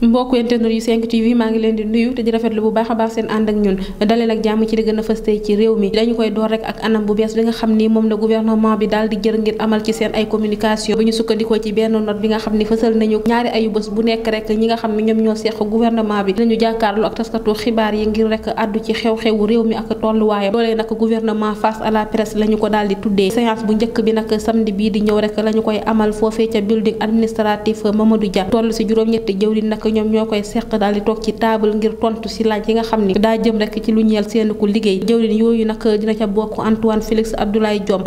mbokk internet yu 5 TV maa ngi leen di nuyu te di rafetlu bu baax a baax seen ànd ak ñun daleen ak jàmm ci li gën a ci réew mi dañu koy door rek moom la gouvernement bi daal di jër ngir amal ci seen ay communication bu ñu sukkandikoo ci benn note bi nga xam ni fësal nañu ñaari ayu bés bu nekk rek ñi nga xam ni ñoom ñoo seq gouvernement bi dinañu jàkkaarlu ak taskatu xibaar yi ngir rek addu ci xew-xewu réew mi ak tolluwaayam loolee nag gouvernement face à la presse la ñu ko daal di tuddee séance bu njëkk bi nag samedi bii di ñëw rek la ñu koy amal foofee ca building administratif Mamadou Dia toll si juróom ñoom ñoo koy seq daal di toog ci table ngir tontu si laaj yi nga xam ni daa jëm rek ci lu ñeel seen ku liggéey jëwriñ yooyu nag dina ca bokk Antoine Félix Abdoulaye Diome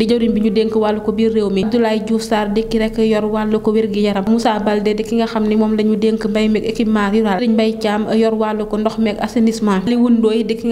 di di ki nga xam ni moom la ñu dénk mbay meeg équipement rural Serigne Mbaye Thiam yor wàllu ko ndox meeg assainissement li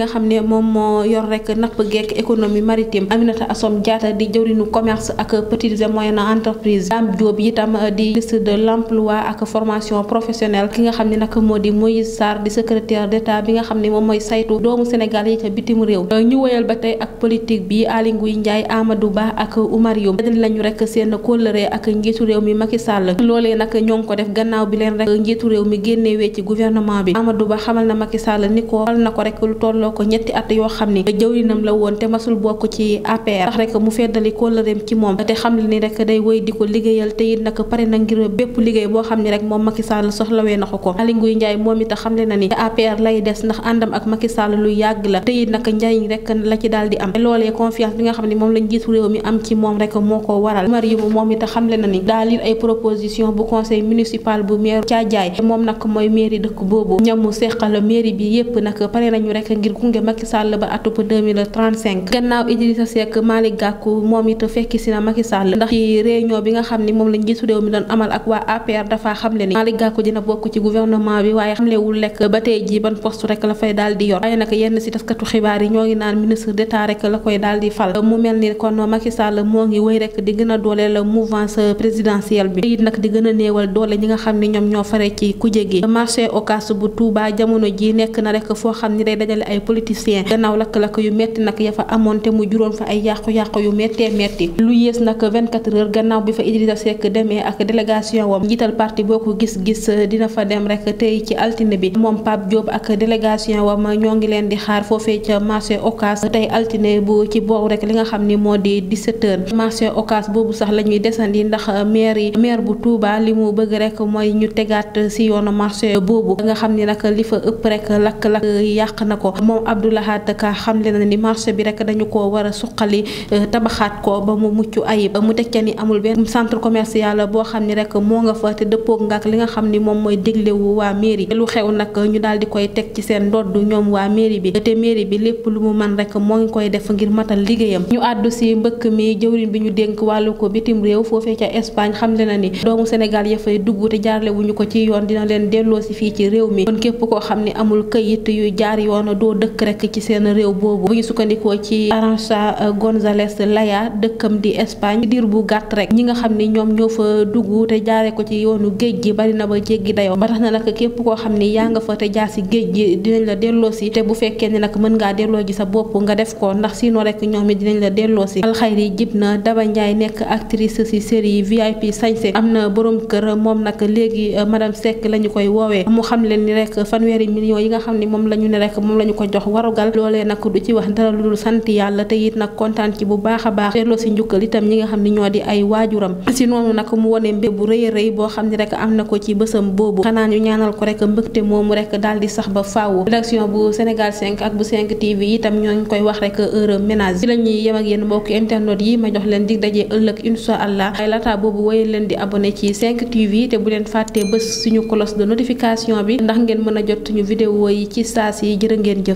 xam ne moom moo yor rek napp geek économie maritime Aminata Assome Diatta di jëwriñu commerce ak petites et moyennes entreprises Dame Diop itam di liste de l'emploi ak formation professionnelle ki nga xam ne nag moo di Moïse Sarr di secrétaire d'État bi nga xam ne moom mooy saytu doomu Sénégal yi ca bitim réew ñu woyal ba tey ak politique bi Aly Ngouille Ndiaye Ba ak Oumar Youm dal lañu rek seen kóllëre ak njiitu réew mi Macky Sall loolee nag ñoo ngi ko def gannaaw bi leen rek njiitu réew mi génnewee ci gouvernement bi amadu Ba xamal na Macky Sall ni ko xal na ko rek lu tolloo ko ñetti at yoo xam ni jëwrinam la woon te masul bokk ci APR tax rek mu feddali kóllëreem ci moom te xam ni rek day woy di ko liggéeyal te it nag pare na ngir bépp liggéey boo xam ni rek moom Macky Sall soxlawee na ko ko ko Aly Ngouille Ndiaye moom it xam le na ni APR lay des ndax àndam ak Macky Sall lu yàgg la te it nag njariñ rek la ci ay proposition bu conseil municipal bu maire Thiadiaye moom nag mooy mairie dëkk boobu ñamu seqal mairie bi yépp nag pare nañu rek ngir gunge Macky ba atub gannaaw Idrissa Seck Malick Gakou moom it fekki si na Macky ndax ci réunion bi nga xam ne moom lañ jiitu réew mi doon amal ak waa APR dafa xam ni Malick dina bokk ci gouvernement gouvernement bi waaye xamlewul lekk ba tey ji ban poste rek la fay daal di yor waaye nag yenn si taskatu di fal a a néewal doole ñi nga xam ni ñoom ñoo fare ci kujje gi marché Ocass bu Touba jamono ji nekk na rek foo xam ni day dajale ay politiciens gannaaw lakk-lakk yu metti nag ya fa amoon te mu juróon fa ay yàqu-yàqu yu méttee métti lu yées nag gannaaw bi fa Idrissa Seck demee ak délégation wam njiital parti boo ko gis-gis dina fa dem yem rek tey ci altine bi moom Pape Diop ak délégation wam ñoo ngi leen di xaar foofee ca marché Ocass tey altine bu ci boobu rek li nga xam ni moo di 17h marché Ocass boobu sax la ñuy desandi ndax maire yi bu Touba li mu bëgg rek mooy ñu tegaat si yoonu marché boobu nga xam ni nag li fa ëpp rek lakk-lakk yàq na ko moom Abdoulahat Ka xamle na ni marché bi rek dañu ko war a suqali euh, tabaxaat ko ba mu mucc ayib mu teg ca ni amul benn centre commercial boo xam ni rek moo nga fa te dëppoo ngaak li nga xam ni moom mooy digle wu waa mairie lu xew nag ñu daal di koy teg ci seen ndodd ñoom waa mairie bi te mairie bi lépp lu mu man rek moo ngi koy def ngir matal liggéeyam ñu àddu si mbëkk mi jëwriñ bi ñu dénk wàllu ko bitim réew foofee ca Espagne xam le na ni doomu Sénégal ya fay dugg te jaarle wuñu ko ci yoon dina leen delloo si fii ci réew mi kon képp koo xam ni amul kayit yu jaar yoon doo dëkk rek ci seen réew boobu bu ñu sukkandikoo ci Arantxa González Laya dëkkam di Espagne diir bu gàtt rek ñi nga xam ne ñoom ñoo fa dugg te ko ci yoonu géej gi bari na na nag képp koo xam ni yaa nga fa te jaar si géej gi dinañ la delloo si te bu fekkee ne nag mën ngaa delloo ji sa bopp nga def ko ndax sinon rek ñoom it dinañ la delloo si alxayri jib na Daba Ndiaye nekk actrice si série VIP sañse am na borom kër moom nag léegi euh, madame Seck la ñu koy woowee mu xam leen ni rek fanweeri millions yi nga xam ni moom la ñu ne rek moom la ñu ko jox warugal loolee nag du ci wax dara lu dul sant yàlla te it nag kontaan ci bu baax a baax delloo si njukkal itam ñi nga xam ni ñoo di ay waajuram si noonu nag mu wone mbé bu rëy a rëy boo xam ni rek am na ko ci bësam boobu xanaa ñu ñaanal ko rek mbëgte moomu rek daal di sax ba faaw rédaction bu Sénégal 5 ak bu 5 TV itam ñoo ngi koy wax rek heure ménage ci la ñuy yem ak yéen mbokk internet yi ma jox leen dig dajee ëllëg incha allah ay laata boobu woye leen di abonné ci 5 TV te bu leen fàttee bés suñu cloche de notification bi ndax ngeen mën a jot ñu vidéo yi ci saa si jërë ngeen jëf